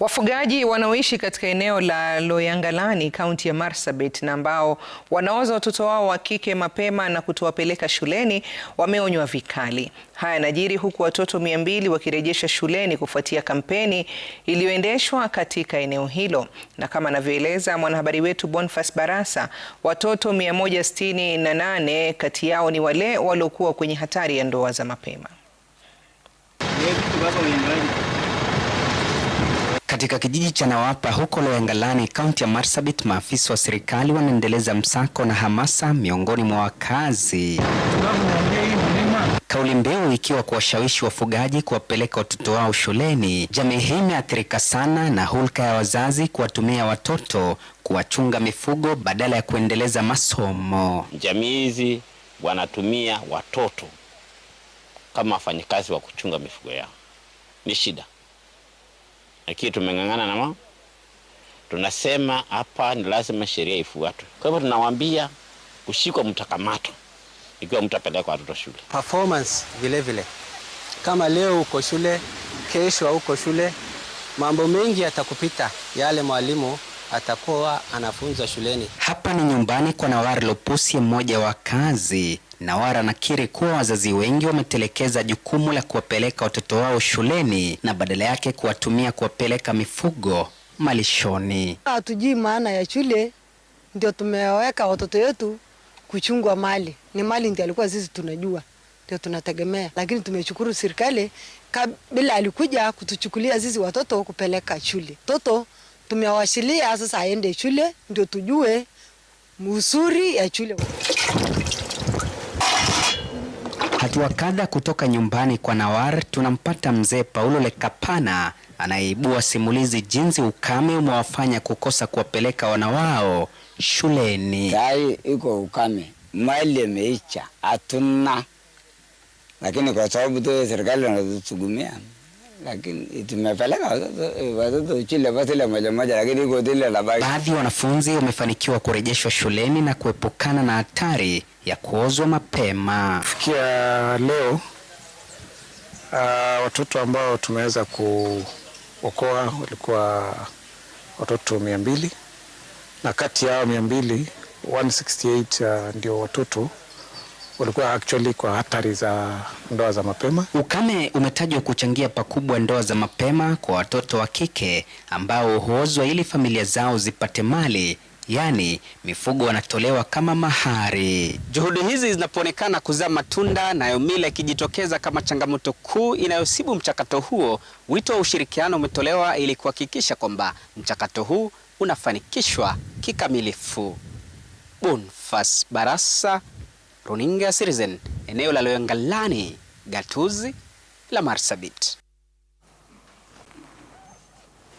Wafugaji wanaoishi katika eneo la Loyangalani kaunti ya Marsabit na ambao wanaoza watoto wao wa kike mapema na kutowapeleka shuleni wameonywa vikali. Haya yanajiri huku watoto 200 wakirejesha shuleni kufuatia kampeni iliyoendeshwa katika eneo hilo, na kama anavyoeleza mwanahabari wetu Bonfas Barasa, watoto 168 kati yao ni wale waliokuwa kwenye hatari ya ndoa za mapema. Katika kijiji cha Nawapa huko Loyangalani, kaunti ya Marsabit, maafisa wa serikali wanaendeleza msako na hamasa miongoni mwa wakazi, kauli mbiu ikiwa kuwashawishi wafugaji kuwapeleka watoto wao shuleni. Jamii hii imeathirika sana na hulka ya wazazi kuwatumia watoto kuwachunga mifugo badala ya kuendeleza masomo. Jamii hizi wanatumia watoto kama wafanyakazi wa kuchunga mifugo yao, ni shida lakini tumeng'ang'ana na tunasema hapa ni lazima sheria ifuatwe. Kwa hivyo tunawaambia kushikwa mtakamato ikiwa mtu apeleka watoto shule. Performance vile vile, kama leo uko shule, kesho huko shule, mambo mengi yatakupita yale mwalimu atakuwa anafunza shuleni. Hapa ni nyumbani kwa Nawar lopusi mmoja wa kazi. Nawar anakiri kuwa wazazi wengi wametelekeza jukumu la kuwapeleka watoto wao shuleni na badala yake kuwatumia kuwapeleka mifugo malishoni. Hatujui maana ya shule, ndio tumeweka watoto wetu kuchungwa mali. Ni mali ndio alikuwa sisi tunajua ndio tunategemea, lakini tumeshukuru serikali kabla alikuja kutuchukulia sisi watoto kupeleka shule. Toto tumewashilia sasa aende shule ndio tujue mzuri ya shule. Hatua kadha kutoka nyumbani kwa Nawar, tunampata mzee Paulo Lekapana anayeibua simulizi jinsi ukame umewafanya kukosa kuwapeleka wanawao shuleni. Sai iko ukame, mali imeisha, hatuna, lakini kwa sababu tu serikali wanatutugumia Baadhi ya wanafunzi wamefanikiwa kurejeshwa shuleni na kuepukana na hatari ya kuozwa mapema. Fikia leo uh, watoto ambao tumeweza kuokoa walikuwa watoto mia mbili na kati yao mia mbili 168 uh, ah, ndio watoto ulikuwa actually kwa hatari za ndoa za mapema. Ukame umetajwa kuchangia pakubwa ndoa za mapema kwa watoto wa kike ambao huozwa ili familia zao zipate mali, yaani mifugo wanatolewa kama mahari. Juhudi hizi zinapoonekana kuzaa matunda, nayo mila ikijitokeza kama changamoto kuu inayosibu mchakato huo, wito wa ushirikiano umetolewa ili kuhakikisha kwamba mchakato huu unafanikishwa kikamilifu. Bonfas Barasa Runinga Citizen, eneo la Loyangalani, gatuzi la Marsabit.